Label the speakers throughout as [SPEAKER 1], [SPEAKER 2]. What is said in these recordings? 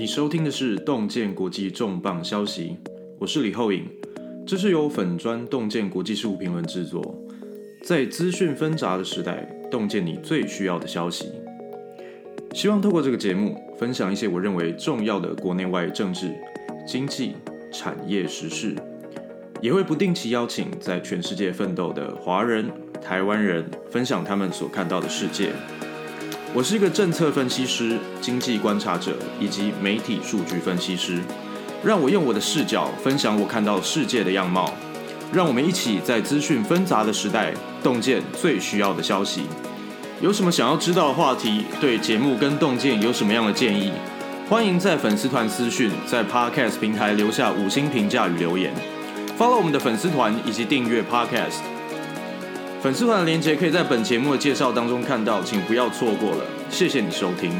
[SPEAKER 1] 你收聽的是洞見國際重磅消息，我是李厚穎，這是由粉專洞見國際事務評論製作。在資訊紛雜的時代，洞見你最需要的消息。希望透過這個節目，分享一些我認為重要的國內外政治、經濟、產業時事，也會不定期邀請在全世界奮鬥的華人、台灣人，分享他們所看到的世界。我是一個政策分析師、經濟觀察者以及媒體數據分析師，讓我用我的視角分享我看到世界的樣貌。讓我們一起在資訊紛雜的時代，洞見最需要的消息。有什麼想要知道的話題？對節目跟洞見有什麼樣的建議？歡迎在粉絲團私訊，在 Podcast 平台留下五星評價與留言。Follow 我們的粉絲團以及訂閱 Podcast。粉絲團的鏈接可以在本節目的介紹當中看到，請不要錯過了。謝謝你收聽。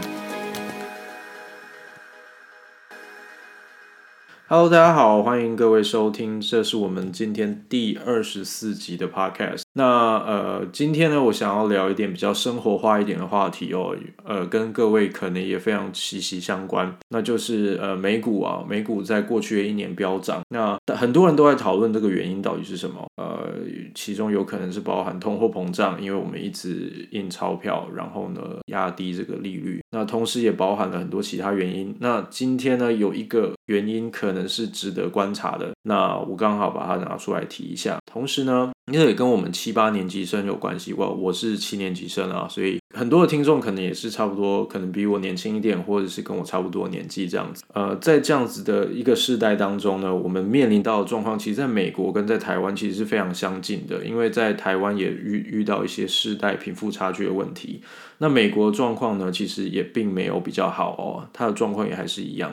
[SPEAKER 1] Hello，大家好，歡迎各位收聽，這是我們今天第二十四集的 Podcast。那呃，今天呢，我想要聊一點比較生活化一點的話題哦，呃，跟各位可能也非常息息相關。那就是呃，美股啊，美股在過去的一年飆漲，那很多人都在討論這個原因到底是什麼。呃，其中有可能是包含通貨膨脹，因為我們一直印鈔票，然後呢壓低這個利率。那同時也包含了很多其他原因。那今天呢，有一個原因可能是值得觀察的，那我剛好把它拿出來提一下。同時呢。因為也跟我們七八年級生有關係，我我是七年級生啊，所以。很多的聽眾可能也是差不多，可能比我年輕一點，或者是跟我差不多年紀這樣子。呃，在這樣子的一個世代當中呢，我們面臨到的狀況，其實在美國跟在台灣其實是非常相近的，因為在台灣也遇遇到一些世代貧富差距的問題。那美國的狀況呢，其實也並沒有比較好哦，它的狀況也還是一樣。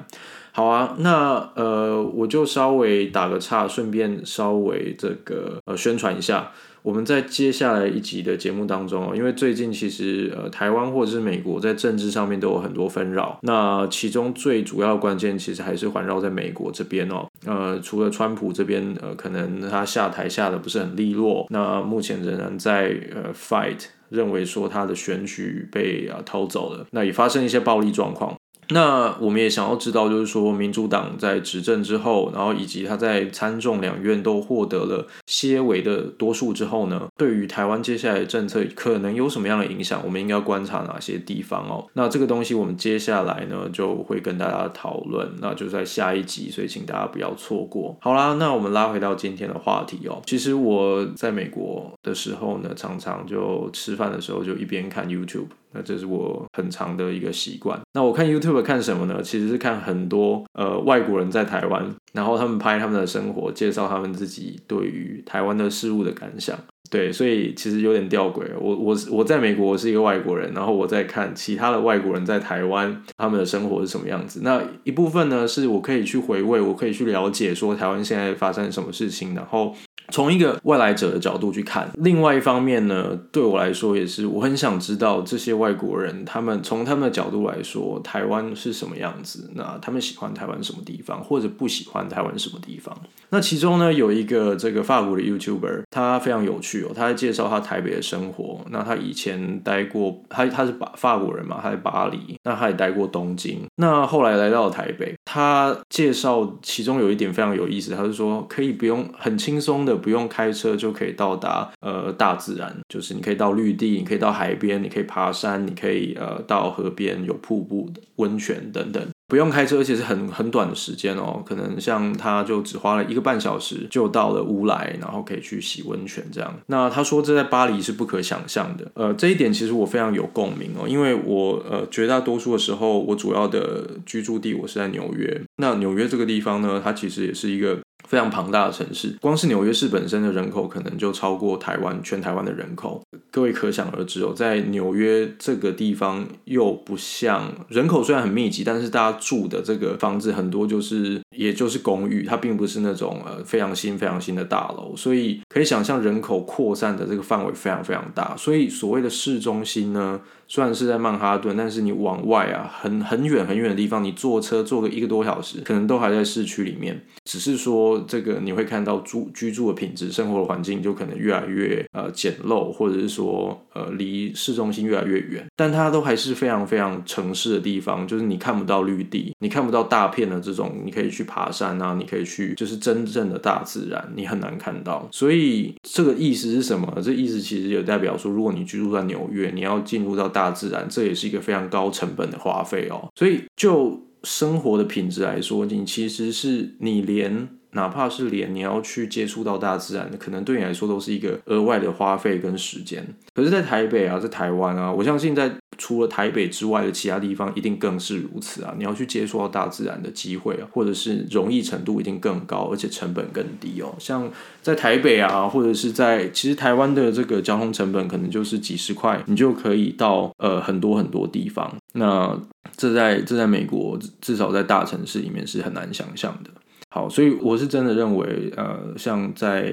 [SPEAKER 1] 好啊，那呃，我就稍微打個岔，順便稍微這個呃宣傳一下。我們在接下來一集的節目當中，因為最近其實呃台灣或者是美國在政治上面都有很多紛擾，那其中最主要的關鍵其實還是環繞在美國這邊哦。呃，除了川普這邊呃，可能他下台下的不是很利落，那目前仍然在呃 fight，認為說他的選舉被啊、呃、偷走了，那也發生一些暴力狀況。那我們也想要知道，就是說民主黨在執政之後，然後以及他在參眾兩院都獲得了些微的多數之後呢，對於台灣接下來的政策可能有什麼樣的影響？我們應該要觀察哪些地方哦？那這個東西我們接下來呢就會跟大家討論，那就在下一集，所以請大家不要錯過。好啦，那我們拉回到今天的話題哦。其實我在美國的時候呢，常常就吃飯的時候就一邊看 YouTube。這是我很長的一個習慣。那我看 YouTube 看什麼呢？其實是看很多呃外國人在台灣，然後他們拍他們的生活，介紹他們自己對於台灣的事物的感想。對，所以其實有點吊詭。我我我在美國，我是一個外國人，然後我在看其他的外國人在台灣他們的生活是什麼樣子。那一部分呢，是我可以去回味，我可以去了解說台灣現在發生什麼事情，然後。從一個外來者的角度去看，另外一方面呢，對我來說也是，我很想知道這些外國人他們從他們的角度來說，台灣是什麼樣子？那他們喜歡台灣什麼地方，或者不喜歡台灣什麼地方？那其中呢，有一個這個法國的 YouTuber，他非常有趣哦，他在介紹他台北的生活。那他以前待過，他他是法法國人嘛，他在巴黎，那他也待過東京，那後來來到了台北，他介紹其中有一點非常有意思，他就是說可以不用很輕鬆的。不用開車就可以到達呃大自然，就是你可以到綠地，你可以到海邊，你可以爬山，你可以呃到河邊有瀑布、溫泉等等。不用開車，而且是很很短的時間哦。可能像他，就只花了一個半小時就到了烏來，然後可以去洗溫泉這樣。那他說這在巴黎是不可想象的，呃，這一點其實我非常有共鳴哦，因為我呃絕大多數的時候我主要的居住地我是在紐約。那紐約這個地方呢，它其實也是一個。非常龐大的城市，光是紐約市本身的人口可能就超過台灣，全台灣的人口。各位可想而知哦，在紐約這個地方又不像，人口雖然很密集，但是大家住的這個房子很多就是，也就是公寓，它並不是那種呃非常新非常新的大樓，所以可以想象人口擴散的這個範圍非常非常大。所以所謂的市中心呢，雖然是在曼哈頓，但是你往外啊，很很遠很遠的地方，你坐車坐個一個多小時，可能都還在市區裡面，只是說。這個你會看到住居住的品質、生活的環境就可能越來越呃簡陋，或者是說呃離市中心越來越遠，但它都還是非常非常城市的地方，就是你看不到綠地，你看不到大片的這種，你可以去爬山啊，你可以去就是真正的大自然，你很難看到。所以這個意思是什麼？這個意思其實也代表說，如果你居住在紐約，你要進入到大自然，這也是一個非常高成本的花費哦。所以就生活的品質來說，你其實是你連。哪怕是連你要去接觸到大自然的，可能對你來說都是一個額外的花費跟時間。可是，在台北啊，在台灣啊，我相信在除了台北之外的其他地方，一定更是如此啊，你要去接觸到大自然的機會啊，或者是容易程度一定更高，而且成本更低哦。像在台北啊，或者是在其實台灣的這個交通成本，可能就是幾十塊，你就可以到呃很多很多地方。那這在這在美國，至少在大城市裡面是很難想象的。好，所以我是真的認為，呃，像在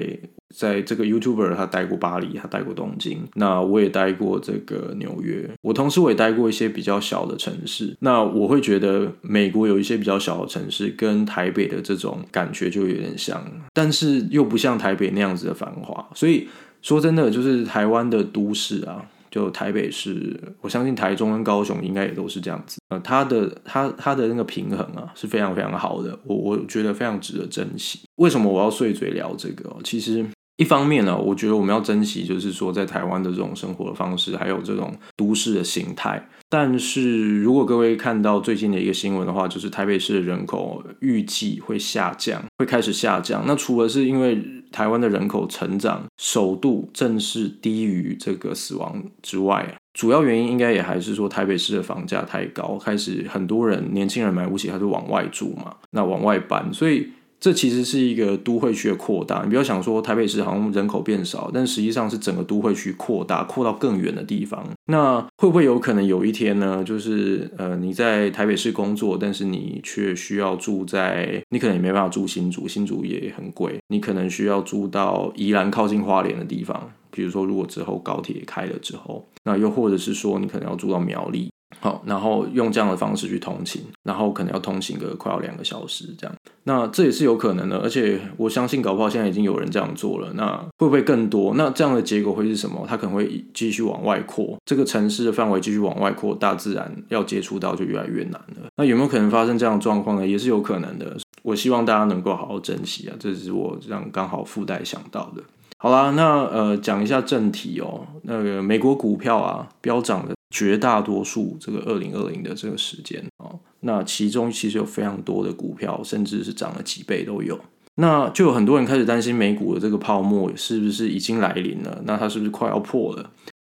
[SPEAKER 1] 在這個 YouTuber 他待過巴黎，他待過東京，那我也待過這個紐約，我同時我也待過一些比較小的城市，那我會覺得美國有一些比較小的城市跟台北的這種感覺就有點像，但是又不像台北那樣子的繁華，所以說真的就是台灣的都市啊。就台北市，我相信台中跟高雄應該也都是這樣子。呃，它的它它的那個平衡啊是非常非常好的，我我覺得非常值得珍惜。為什麼我要碎嘴聊這個？其實一方面呢，啊，我覺得我們要珍惜，就是說在台灣的這種生活方式，還有這種都市的形態。但是如果各位看到最近的一個新聞的話，就是台北市的人口預計會下降，會開始下降。那除了是因為台灣的人口成長首度正式低於這個死亡之外，啊，主要原因應該也還是說，台北市的房價太高，開始很多人年輕人買不起，他就往外住嘛，那往外搬，所以。這其實是一個都會區的擴大，你不要想說台北市好像人口變少，但實際上是整個都會區擴大，擴到更遠的地方。那會不會有可能有一天呢？就是呃，你在台北市工作，但是你卻需要住在，你可能也沒辦法住新竹，新竹也很貴，你可能需要住到宜蘭靠近花蓮的地方。比如說，如果之後高鐵開了之後，那又或者是說，你可能要住到苗栗。好，然後用這樣的方式去通勤，然後可能要通勤個快要兩個小時這樣，那這也是有可能的，而且我相信搞不好現在已經有人這樣做了，那會不會更多？那這樣的結果會是什麼？它可能會繼續往外擴，這個城市的範圍繼續往外擴，大自然要接觸到就越來越難了。那有沒有可能發生這樣的狀況呢？也是有可能的。我希望大家能夠好好珍惜啊，這是我這樣剛好附帶想到的。好啦，那呃講一下正題哦，那個美國股票啊飆漲的，絕大多數這個二零二零的這個時間啊，那其中其實有非常多的股票，甚至是漲了幾倍都有。那就有很多人開始擔心美股的這個泡沫是不是已經來臨了？那它是不是快要破了？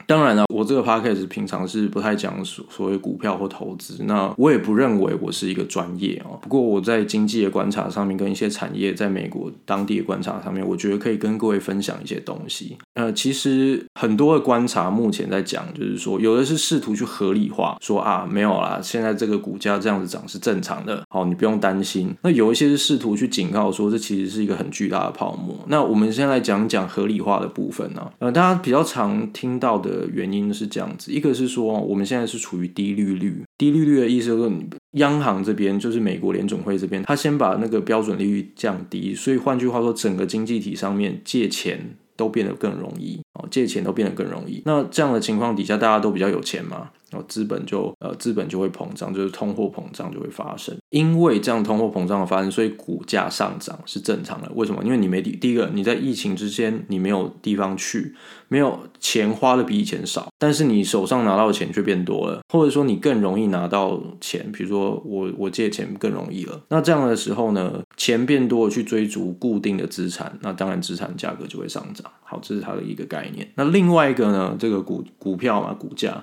[SPEAKER 1] 當然了啊，我這個 podcast 平常是不太講所謂股票或投資，那我也不認為我是一個專業啊。不過我在經濟的觀察上面，跟一些產業在美國當地的觀察上面，我覺得可以跟各位分享一些東西。呃，其實很多的觀察目前在講，就是說，有的是試圖去合理化，說啊，沒有啦，現在這個股價這樣子漲是正常的，好，你不用擔心。那有一些是試圖去警告說，說這其實是一個很巨大的泡沫。那我們先來講講合理化的部分呢，啊。呃，大家比較常聽到的原因是這樣子，一個是說我們現在是處於低利率，低利率的意思就是說你央行這邊，就是美國聯準會這邊，他先把那個標準利率降低，所以換句話說，整個經濟體上面借錢。都變得更容易哦，借錢都變得更容易。那這樣的情況底下，大家都比較有錢嗎？然後資本就呃，資本就會膨脹，就是通貨膨脹就會發生。因為這樣通貨膨脹的發生，所以股價上漲是正常的。為什麼？因為你沒第一個，你在疫情之間，你沒有地方去，沒有錢花的比以前少，但是你手上拿到的錢卻變多了，或者說你更容易拿到錢。比如說我我借錢更容易了。那這樣的時候呢，錢變多了去追逐固定的資產，那當然資產價格就會上漲。好，這是它的一個概念。那另外一個呢，這個股股票嘛，股價。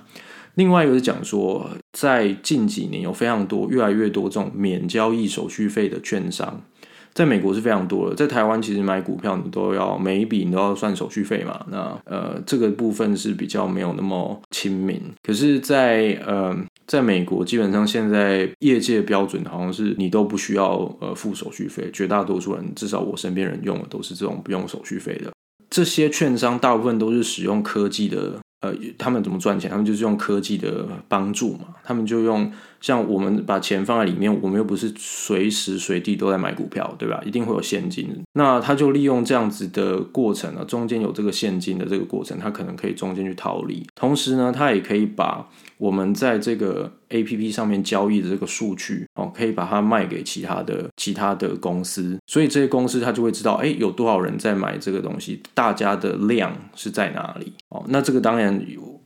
[SPEAKER 1] 另外一個是講說，在近幾年有非常多，越來越多這種免交易手續費的券商，在美國是非常多的。在台灣其實買股票，你都要每一筆你都要算手續費嘛。那呃，這個部分是比較沒有那麼親民。可是在，在呃，在美國，基本上現在業界標準好像是你都不需要呃付手續費。絕大多數人，至少我身邊人用的都是這種不用手續費的。這些券商大部分都是使用科技的。呃，他們怎麼賺錢？他們就是用科技的幫助嘛。他們就用像我們把錢放在裡面，我們又不是隨時隨地都在買股票，對吧？一定會有現金。那他就利用這樣子的過程啊，中間有這個現金的這個過程，他可能可以中間去套利，同時呢，他也可以把，我們在這個 APP 上面交易的這個數據，哦，可以把它賣給其他的其他的公司，所以這些公司他就會知道，哎，有多少人在買這個東西，大家的量是在哪裡，哦，那這個當然。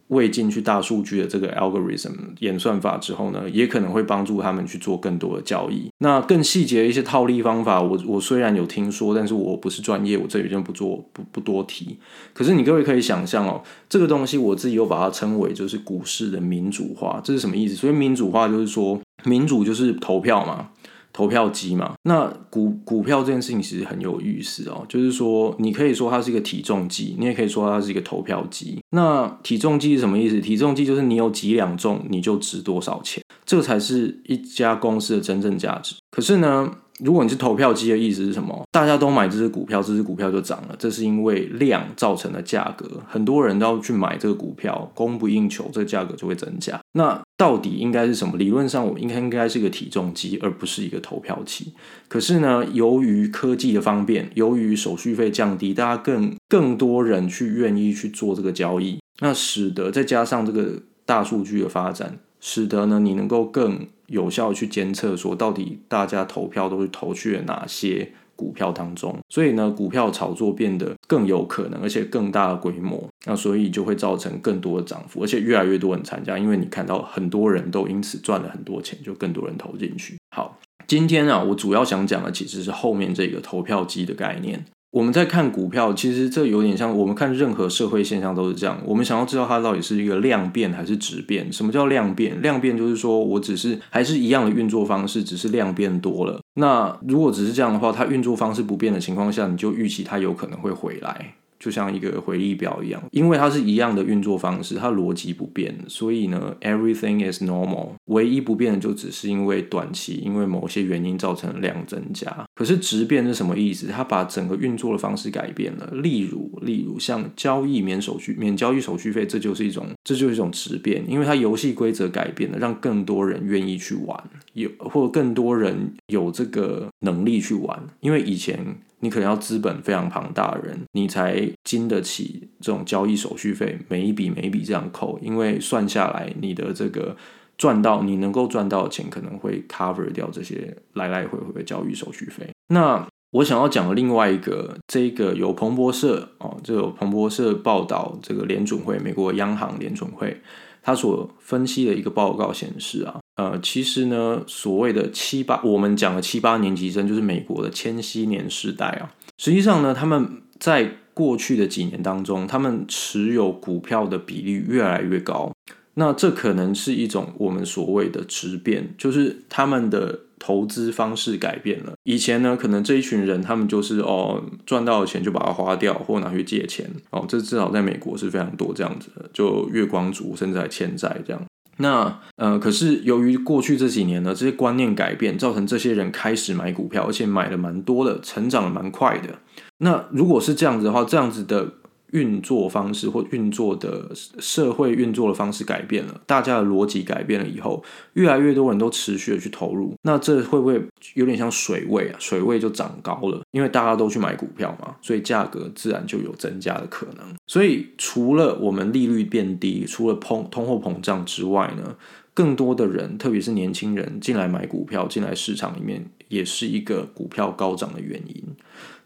[SPEAKER 1] 未進去大數據的這個 algorithm 演算法之後呢，也可能會幫助他們去做更多的交易。那更細節的一些套利方法我，我我雖然有聽說，但是我不是專業，我這裡就不做不不多提。可是你各位可以想象哦，這個東西我自己又把它稱為就是股市的民主化，這是什麼意思？所以民主化就是說，民主就是投票嘛。投票機嘛，那股股票這件事情其實很有意思哦。就是說，你可以說它是一個體重機，你也可以說它是一個投票機。那體重機是什麼意思？體重機就是你有幾兩重，你就值多少錢，這才是一家公司的真正價值。可是呢，如果你是投票機的意思是什麼？大家都買這隻股票，這隻股票就漲了，這是因為量造成的價格。很多人都要去買這個股票，供不應求，這個價格就會增加。那到底應該是什麼？理論上，我們應該應該是個體重機，而不是一個投票器。可是呢，由於科技的方便，由於手續費降低，大家更更多人去願意去做這個交易。那使得，再加上這個大數據的發展，使得呢，你能夠更有效的去監測，說到底大家投票都是投去了哪些。股票當中，所以呢，股票炒作變得更有可能，而且更大的規模，那所以就會造成更多的漲幅，而且越來越多人參加，因為你看到很多人都因此賺了很多錢，就更多人投進去。好，今天啊，我主要想講的其實是後面這個投票機的概念。我們在看股票，其實這有點像我們看任何社會現象都是這樣，我們想要知道它到底是一個量變還是質變？什麼叫量變？量變就是說我只是還是一樣的運作方式，只是量變多了。那如果只是這樣的話，它運作方式不變的情況下，你就預期它有可能會回來。就像一個回憶表一樣，因為它是一樣的運作方式，它邏輯不變，所以呢，Everything is normal。唯一不變的就只是因為短期因為某些原因造成量增加。可是質變是什麼意思？它把整個運作的方式改變了。例如，例如像交易免手續、免交易手續費，這就是一種，這就是一種質變，因為它遊戲規則改變了，讓更多人願意去玩，有或者更多人有這個能力去玩。因為以前。你可能要資本非常龐大的人，你才經得起這種交易手續費，每一筆每一筆這樣扣，因為算下來，你的這個賺到你能夠賺到的錢，可能會 cover 掉這些來來回回的交易手續費。那我想要講的另外一個，這個由彭、哦、有彭博社哦，這個彭博社報道，這個聯準會，美國央行聯準會，他所分析的一個報告顯示啊。呃，其實呢，所謂的七八，我們講的七八年級生就是美國的千禧年世代啊。實際上呢，他們在過去的幾年當中，他們持有股票的比例越來越高。那這可能是一種我們所謂的質變，就是他們的投資方式改變了。以前呢，可能這一群人他們就是哦，賺到了錢就把它花掉，或拿去借錢。哦，這至少在美國是非常多這樣子的，就月光族甚至還欠債這樣。那呃，可是由於過去這幾年呢，這些觀念改變，造成這些人開始買股票，而且買了蠻多的，成長了蠻快的。那如果是這樣子的話，這樣子的。運作方式或運作的社會運作的方式改變了，大家的邏輯改變了以後，越來越多人都持續的去投入，那這會不會有點像水位啊？水位就漲高了，因為大家都去買股票嘛，所以價格自然就有增加的可能。所以除了我們利率變低，除了通貨膨脹之外呢，更多的人，特別是年輕人進來買股票，進來市場裡面，也是一個股票高漲的原因。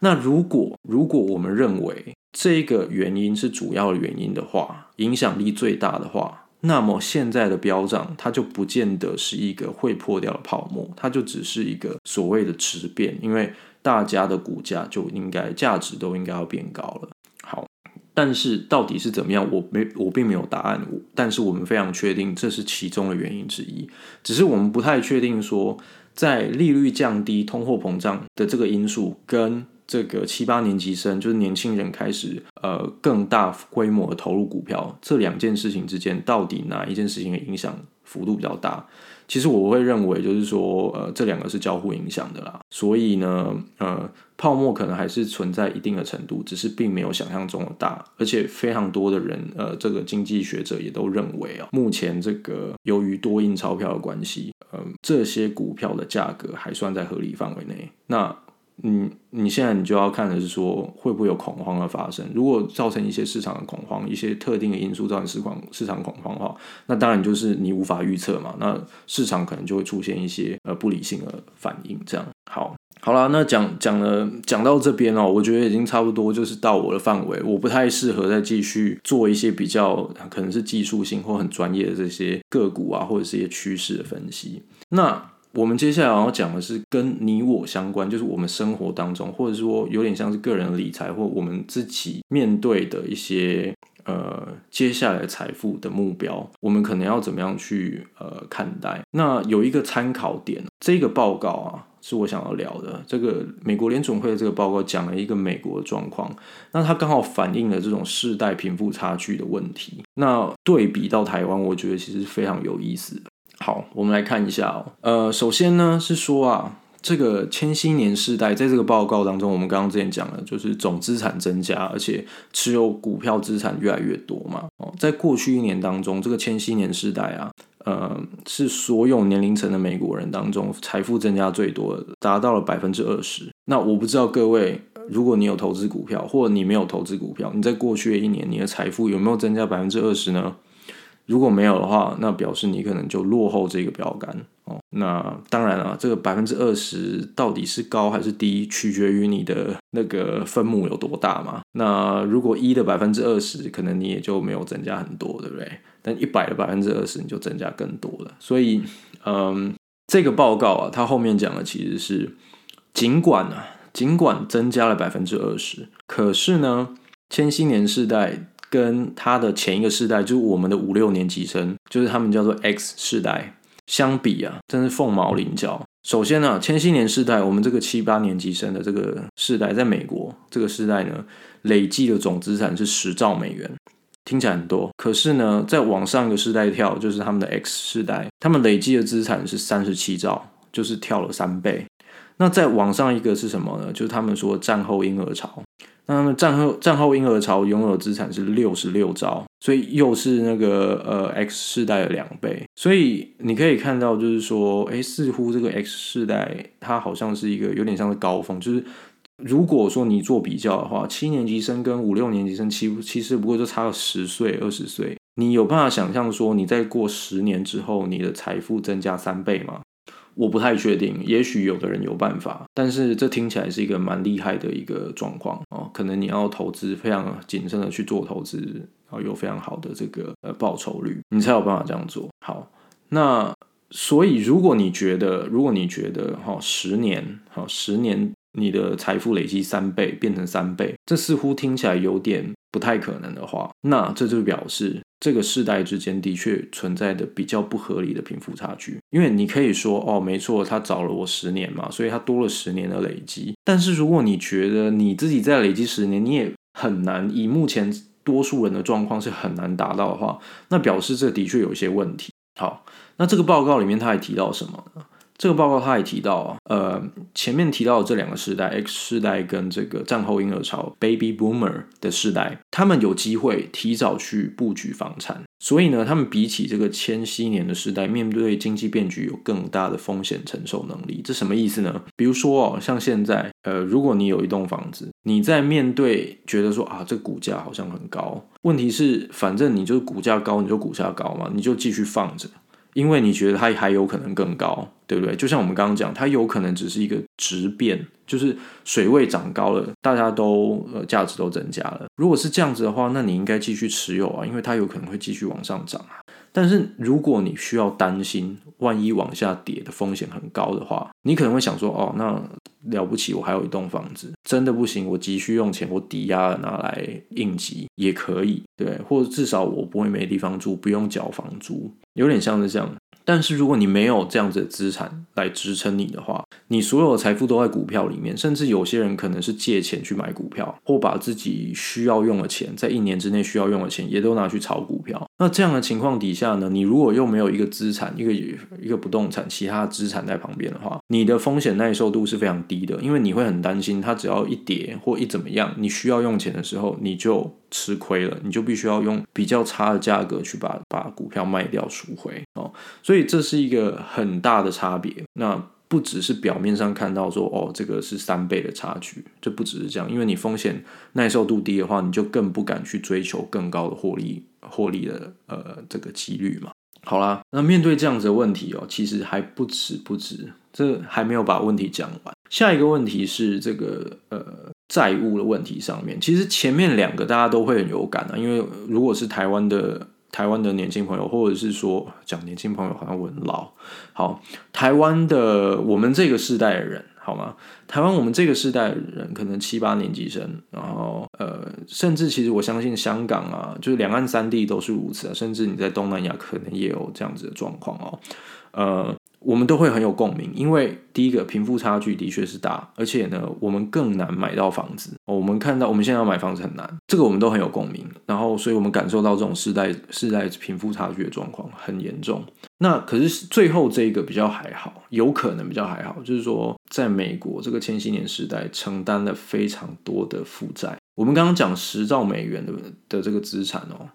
[SPEAKER 1] 那如果，如果我們認為，這個原因是主要的原因的話，影響力最大的話，那麼現在的飆漲，它就不見得是一個會破掉的泡沫，它就只是一個所謂的持變，因為大家的股價就應該價值都應該要變高了。好，但是到底是怎麼樣，我沒我並沒有答案，但是我們非常確定這是其中的原因之一，只是我們不太確定說在利率降低、通貨膨脹的這個因素跟。這個七八年級生就是年輕人開始呃更大規模的投入股票，這兩件事情之間到底哪一件事情的影響幅度比較大？其實我會認為就是說呃這兩個是交互影響的啦，所以呢呃泡沫可能還是存在一定的程度，只是並沒有想象中的大，而且非常多的人呃這個經濟學者也都認為啊，目前這個由於多印鈔票的關係，嗯，呃，這些股票的價格還算在合理範圍內，那。你你現在你就要看的是說，會不會有恐慌的發生？如果造成一些市場的恐慌，一些特定的因素造成市況、市場恐慌的話，那當然就是你無法預測嘛。那市場可能就會出現一些呃不理性的反應。這樣，好好啦了。那講講了講到這邊哦、喔，我覺得已經差不多，就是到我的範圍，我不太適合再繼續做一些比較可能是技術性或很專業的這些個股啊，或者是一些趨勢的分析。那。我們接下來要講的是跟你我相關，就是我們生活當中，或者說有點像是個人理財，或我們自己面對的一些呃，接下來財富的目標，我們可能要怎麼樣去呃看待？那有一個參考點，這個報告啊，是我想要聊的。這個美國聯總會的這個報告講了一個美國的狀況，那它剛好反映了這種世代貧富差距的問題。那對比到台灣，我覺得其實非常有意思。好，我們來看一下哦。呃，首先呢是說啊，這個千禧年世代在這個報告當中，我們剛剛之前講了，就是總資產增加，而且持有股票資產越來越多嘛。哦，在過去一年當中，這個千禧年世代啊，呃，是所有年齡層的美國人當中財富增加最多的，達到了百分之二十。那我不知道各位，如果你有投資股票，或者你沒有投資股票，你在過去的一年你的財富有沒有增加百分之二十呢？如果沒有的話，那表示你可能就落後這個標杆哦。那當然了、啊，這個百分之二十到底是高還是低，取決於你的那個分母有多大嘛。那如果一的百分之二十，可能你也就沒有增加很多，對不對？但一百的百分之二十你就增加更多了。所以，嗯，這個報告啊，它後面講的其實是，儘管啊，儘管增加了百分之二十，可是呢，千禧年世代。跟他的前一個世代，就是我們的五六年級生，就是他們叫做 X 世代相比啊，真是鳳毛麟角。首先呢、啊，千禧年世代，我們這個七八年級生的這個世代，在美國這個世代呢，累計的總資產是十兆美元，聽起來很多。可是呢，在往上一個世代跳，就是他們的 X 世代，他們累計的資產是三十七兆，就是跳了三倍。那再往上一個是什麼呢？就是他們說戰後嬰兒潮。那麼戰後戰後嬰兒潮擁有的資產是六十六兆，所以又是那個呃 X 世代的兩倍。所以你可以看到，就是說，哎、欸，似乎這個 X 世代它好像是一個有點像是高峰。就是如果說你做比較的話，七年級生跟五六年級生，其其實不過就差了十歲二十歲。你有辦法想象說，你再過十年之後，你的財富增加三倍嗎？我不太確定，也許有的人有辦法，但是這聽起來是一個蠻厲害的一個狀況哦。可能你要投資非常謹慎的去做投資，然後、哦、有非常好的這個呃報酬率，你才有辦法這樣做。好，那所以如果你覺得，如果你覺得哦、哈十年哦、哈十年你的財富累積三倍變成三倍，這似乎聽起來有點。不太可能的話，那這就表示這個世代之間的確存在的比較不合理的貧富差距。因為你可以說哦，沒錯，他早了我十年嘛，所以他多了十年的累積。但是如果你覺得你自己再累積十年，你也很難以目前多數人的狀況是很難達到的話，那表示這的確有一些問題。好，那這個報告裡面他還提到什麼呢？這個報告他也提到啊，呃，前面提到的這兩個世代，X 世代跟這個戰後嬰兒潮 （baby boomer） 的世代，他們有機會提早去布局房產，所以呢，他們比起這個千禧年的世代，面對經濟變局有更大的風險承受能力。這什麼意思呢？比如說哦，像現在，呃，如果你有一棟房子，你在面對覺得說啊，這股價好像很高，問題是，反正你就是股價高，你就股價高嘛，你就繼續放着。因為你覺得它還有可能更高，對不對？就像我們剛剛講，它有可能只是一個值變，就是水位漲高了，大家都呃價值都增加了。如果是這樣子的話，那你應該繼續持有啊，因為它有可能會繼續往上漲啊。但是如果你需要擔心萬一往下跌的風險很高的話，你可能會想說，哦，那了不起我還有一棟房子，真的不行，我急需用錢，我抵押了拿來應急也可以，對，或者至少我不會沒地方住，不用繳房租。有點像是這樣，但是如果你沒有這樣子的資產來支撐你的話，你所有的財富都在股票裡面，甚至有些人可能是借錢去買股票，或把自己需要用的錢，在一年之內需要用的錢，也都拿去炒股票。那這樣的情況底下呢，你如果又沒有一個資產，一個一個不動產，其他資產在旁邊的話，你的風險耐受度是非常低的，因為你會很擔心，它只要一跌或一怎麼樣，你需要用錢的時候，你就。吃虧了，你就必須要用比較差的價格去把把股票賣掉贖回哦，所以這是一個很大的差別。那不只是表面上看到說哦，這個是三倍的差距，這不只是這樣，因為你風險耐受度低的話，你就更不敢去追求更高的獲利獲利的呃這個幾率嘛。好啦，那面對這樣子的問題哦，其實還不止不止，這還沒有把問題講完。下一個問題是這個呃。債務的問題上面，其實前面兩個大家都會很有感啊。因為如果是台灣的台灣的年輕朋友，或者是說講年輕朋友好像我很老，好，台灣的我們這個世代的人，好嗎？台灣我們這個世代的人，可能七八年級生，然後呃，甚至其實我相信香港啊，就是兩岸三地都是如此啊，甚至你在東南亞可能也有這樣子的狀況哦，呃。我們都會很有共鳴，因為第一個，貧富差距的確是大，而且呢，我們更難買到房子。我們看到，我們現在要買房子很難，這個我們都很有共鳴。然後，所以我們感受到這種世代世代貧富差距的狀況很嚴重。那可是最後這一個比較還好，有可能比較還好，就是說，在美國這個千禧年世代承擔了非常多的負債。我們剛剛講十兆美元的的這個資產哦。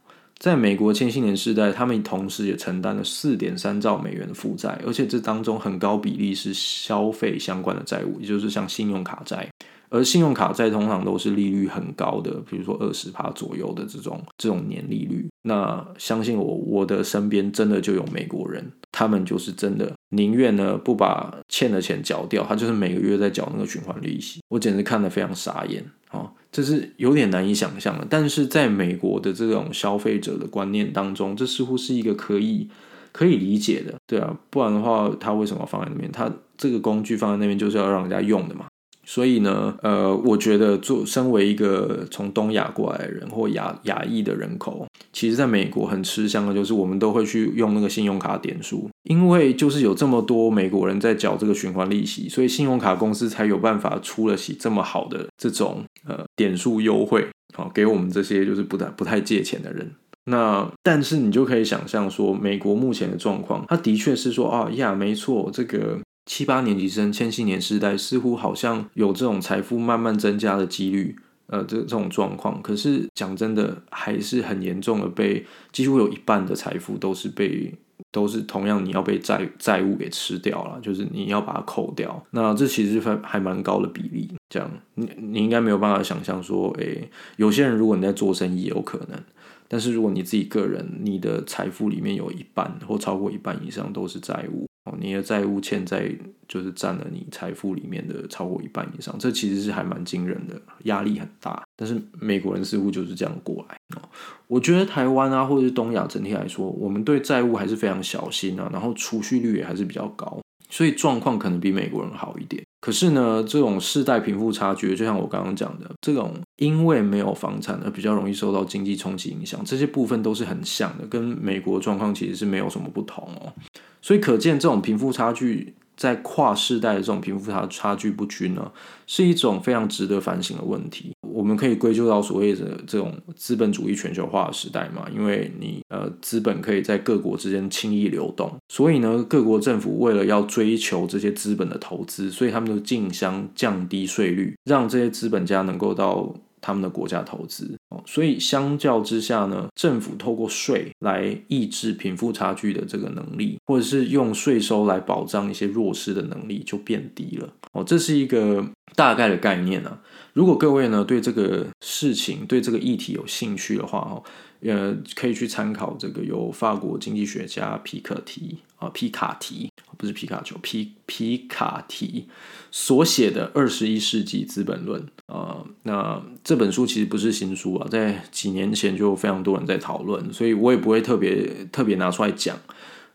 [SPEAKER 1] 在美國千禧年世代，他們同時也承擔了四點三兆美元的負債，而且這當中很高比例是消費相關的債務，也就是像信用卡債。而信用卡債通常都是利率很高的，比如說二十趴左右的這種這種年利率。那相信我，我的身邊真的就有美國人，他們就是真的寧願呢不把欠的錢繳掉，他就是每個月在繳那個循環利息。我簡直看得非常傻眼啊！哦這是有點難以想象的，但是在美國的這種消費者的觀念當中，這似乎是一個可以可以理解的，對啊，不然的話，他為什麼放在那邊？他這個工具放在那邊就是要讓人家用的嘛。所以呢，呃，我覺得做身為一個從東亞過來的人或亞亞裔的人口，其實在美國很吃香的，就是我們都會去用那個信用卡點數，因為就是有這麼多美國人在繳這個循環利息，所以信用卡公司才有辦法出得起這麼好的這種呃點數優惠，好給我們這些就是不太不太借錢的人。那但是你就可以想象說，美國目前的狀況，它的確是說啊呀，沒錯，這個。七八年級生千禧年世代似乎好像有這種財富慢慢增加的幾率，呃，這這種狀況。可是講真的，還是很嚴重的被幾乎有一半的財富都是被都是同樣你要被債債務給吃掉了，就是你要把它扣掉。那這其實還，還蠻高的比例。這樣你你應該沒有辦法想象說，誒，有些人如果你在做生意，也有可能。但是如果你自己個人，你的財富裡面有一半或超過一半以上都是債務哦，你的債務欠債，就是佔了你財富裡面的超過一半以上，這其實是還蠻驚人的，壓力很大。但是美國人似乎就是這樣過來哦。我覺得台灣啊，或者是東亞整體來說，我們對債務還是非常小心啊，然後儲蓄率也還是比較高，所以狀況可能比美國人好一點。可是呢，這種世代貧富差距，就像我剛剛講的，這種因為沒有房產而比較容易受到經濟衝擊影響，這些部分都是很像的，跟美國的狀況其實是沒有什麼不同哦。所以可見這種貧富差距，在跨世代的這種貧富差差距不均呢，是一種非常值得反省的問題。我們可以歸咎到所謂的這種資本主義全球化的時代嘛，因為你呃，資本可以在各國之間輕易流動，所以呢，各國政府為了要追求這些資本的投資，所以他們就競相降低稅率，讓這些資本家能夠到。他們的國家投資哦，所以相較之下呢，政府透過稅來抑制貧富差距的這個能力，或者是用稅收來保障一些弱勢的能力就變低了哦，這是一個大概的概念啊。如果各位呢對這個事情、對這個議題有興趣的話哦，呃，可以去參考這個由法國經濟學家皮克提啊、皮卡提。不是皮卡丘，皮皮卡提所寫的《二十一世紀資本論》。呃，那這本書其實不是新書啊，在幾年前就非常多人在討論，所以我也不會特別特別拿出來講，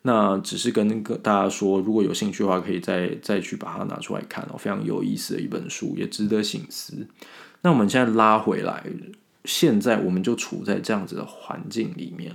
[SPEAKER 1] 那只是跟大家說，如果有興趣的話，可以再再去把它拿出來看哦，非常有意思的一本書，也值得省思。那我們現在拉回來，現在我們就處在這樣子的環境裡面。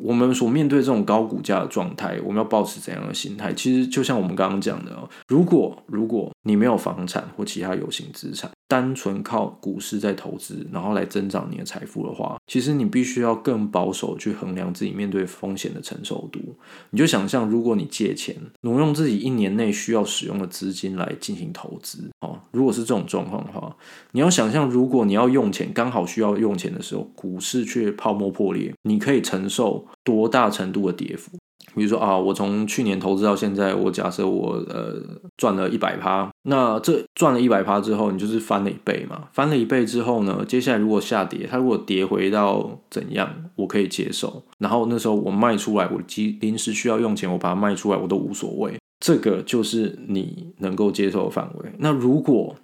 [SPEAKER 1] 我們所面對這種高股價的狀態，我們要保持怎樣的心態？其實就像我們剛剛講的哦，如果如果你沒有房產或其他有形資產。單純靠股市在投資，然後來增長你的財富的話，其實你必須要更保守去衡量自己面對風險的承受度。你就想象，如果你借錢挪用自己一年內需要使用的資金來進行投資，哦，如果是這種狀況的話，你要想象，如果你要用錢，剛好需要用錢的時候，股市卻泡沫破裂，你可以承受多大程度的跌幅？比如說啊，我從去年投資到現在，我假設我呃賺了一百趴，那這賺了一百趴之後，你就是翻了一倍嘛。翻了一倍之後呢，接下來如果下跌，它如果跌回到怎樣，我可以接受。然後那時候我賣出來，我急臨時需要用錢，我把它賣出來，我都無所謂。這個就是你能夠接受的範圍。那如果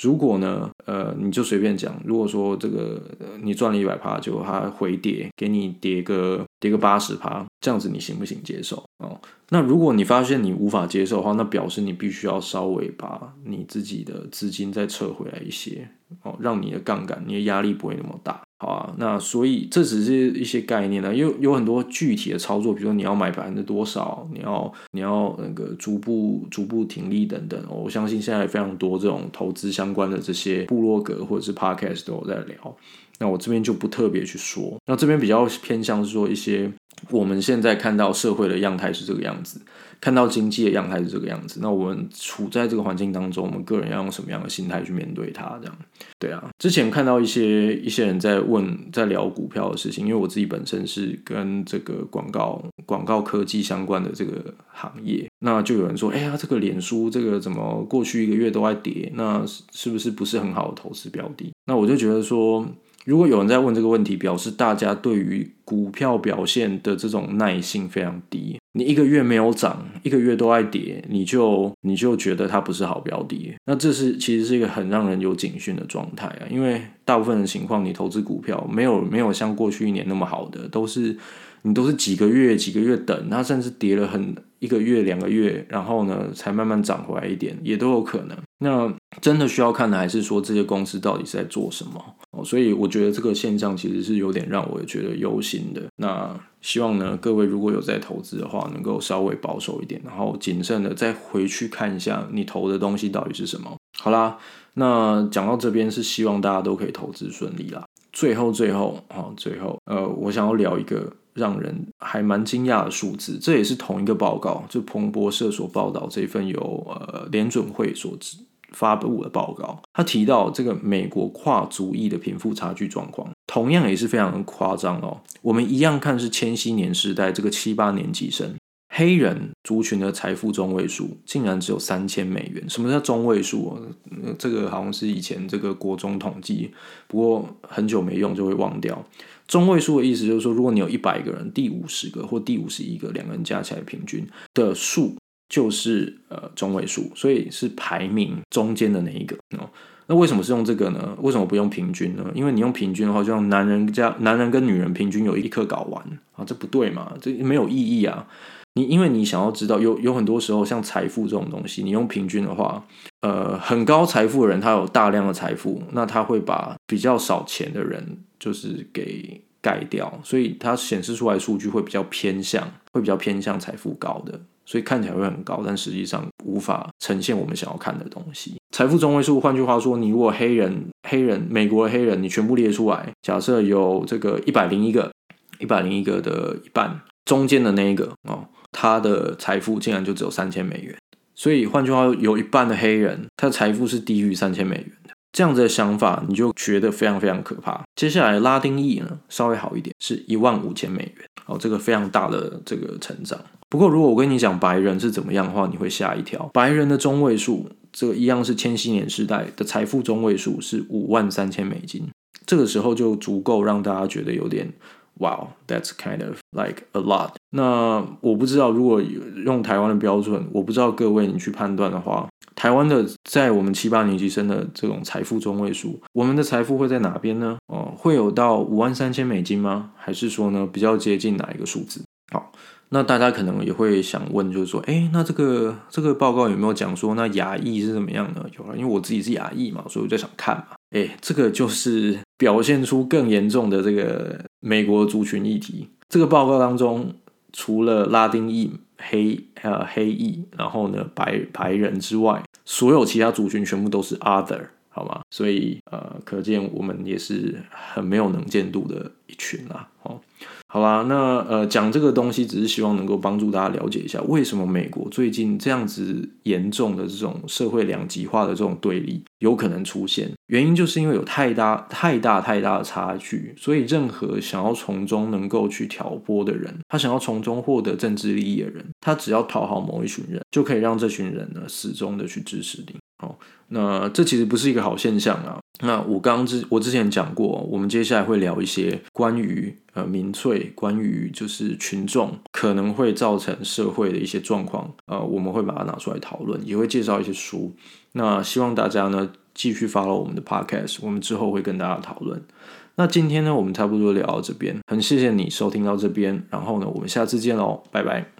[SPEAKER 1] 如果呢，呃，你就隨便講。如果說這個呃你賺了一百趴，就它回跌，給你跌個跌個八十趴，這樣子你行不行接受？哦，那如果你發現你無法接受的話，那表示你必須要稍微把你自己的資金再撤回來一些，哦，讓你的槓桿，你的壓力不會那麼大。好啊，那所以這只是一些概念呢、啊，因為有很多具體的操作，比如說你要買百分之多少，你要你要那個逐步逐步停利等等。我相信現在非常多這種投資相關的這些部落格或者是 podcast 都有在聊，那我這邊就不特別去說。那這邊比較偏向是說一些我們現在看到社會的樣態是這個樣子。看到經濟的樣態是這個樣子，那我們處在這個環境當中，我們個人要用什麼樣的心態去面對它？這樣，對啊。之前看到一些一些人在問，在聊股票的事情，因為我自己本身是跟這個廣告、廣告科技相關的這個行業，那就有人說，哎呀，這個臉書這個怎麼過去一個月都在跌？那是不是不是很好的投資標的？那我就覺得說，如果有人在問這個問題，表示大家對於股票表現的這種耐性非常低。你一個月沒有漲，一個月都在跌，你就你就覺得它不是好標的。那這是其實是一個很讓人有警訊的狀態啊，因為大部分的情況，你投資股票沒有沒有像過去一年那麼好的，都是你都是幾個月幾個月等，它甚至跌了很一個月兩個月，然後呢才慢慢漲回來一點，也都有可能。那。真的需要看的，還是說這些公司到底是在做什麼？哦，所以我覺得這個現象其實是有點讓我覺得憂心的。那希望呢，各位如果有在投資的話，能夠稍微保守一點，然後謹慎的再回去看一下你投的東西到底是什麼。好啦，那講到這邊是希望大家都可以投資順利啦。最後，最後，啊，最後，呃，我想要聊一個讓人還蠻驚訝的數字，這也是同一個報告，就彭博社所報道這一份由呃聯準會所指。發布的報告，他提到這個美國跨族裔的貧富差距狀況，同樣也是非常的誇張哦。我們一樣看是千禧年世代這個七八年級生黑人族群的財富中位數竟然只有三千美元。什麼叫中位數哦？這個好像是以前這個國中統計，不過很久沒用就會忘掉。中位數的意思就是說，如果你有一百個人，第五十個或第五十一個兩個人加起來平均的數。就是呃中位數，所以是排名中間的那一個哦。那為什麼是用這個呢？為什麼不用平均呢？因為你用平均的話，就讓男人家男人跟女人平均有一顆睪丸。啊，這不對嘛，這沒有意義啊。你因為你想要知道有有很多時候像財富這種東西，你用平均的話，呃，很高財富的人他有大量的財富，那他會把比較少錢的人就是給蓋掉，所以它顯示出來數據會比較偏向，會比較偏向財富高的。所以看起來會很高，但實際上無法呈現我們想要看的東西。財富中位數，換句話說，你如果黑人、黑人、美國的黑人，你全部列出來，假設有這個一百零一個，一百零一個的一半中間的那一個哦，他的財富竟然就只有三千美元。所以，換句話說，有一半的黑人，他的財富是低於三千美元的。這樣子的想法，你就覺得非常非常可怕。接下來拉丁裔呢，稍微好一點，是一萬五千美元。哦，這個非常大的這個成長。不過，如果我跟你講白人是怎麼樣的話，你會嚇一跳。白人的中位數這個一樣是千禧年世代的財富中位數是五萬三千美金。這個時候就足夠讓大家覺得有點，Wow，that's kind of like a lot。那我不知道，如果用台灣的標準，我不知道各位你去判斷的話，台灣的在我們七八年級生的這種財富中位數，我們的財富會在哪邊呢？哦、呃，會有到五萬三千美金嗎？還是說呢，比較接近哪一個數字？那大家可能也會想問，就是說，哎，那這個這個報告有沒有講說，那亞裔是怎麼樣呢？有，因為我自己是亞裔嘛，所以我就想看嘛。哎，這個就是表現出更嚴重的這個美國族群議題。這個報告當中，除了拉丁裔、黑呃黑裔，然後呢白白人之外，所有其他族群全部都是 other。好吧，所以呃，可見我們也是很沒有能見度的一群啦、啊。哦，好吧，那呃，講這個東西只是希望能夠幫助大家了解一下，為什麼美國最近這樣子嚴重的這種社會兩極化的這種對立有可能出現？原因就是因為有太大、太大、太大的差距，所以任何想要從中能夠去挑撥的人，他想要從中獲得政治利益的人，他只要討好某一群人，就可以讓這群人呢始終的去支持你。哦。那這其實不是一個好現象啊。那我剛之我之前講過，我們接下來會聊一些關於呃民粹，關於就是群眾可能會造成社會的一些狀況，呃，我們會把它拿出來討論，也會介紹一些書。那希望大家呢繼續 follow 我們的 podcast，我們之後會跟大家討論。那今天呢，我們差不多聊到這邊，很謝謝你收聽到這邊，然後呢，我們下次見嘍，拜拜。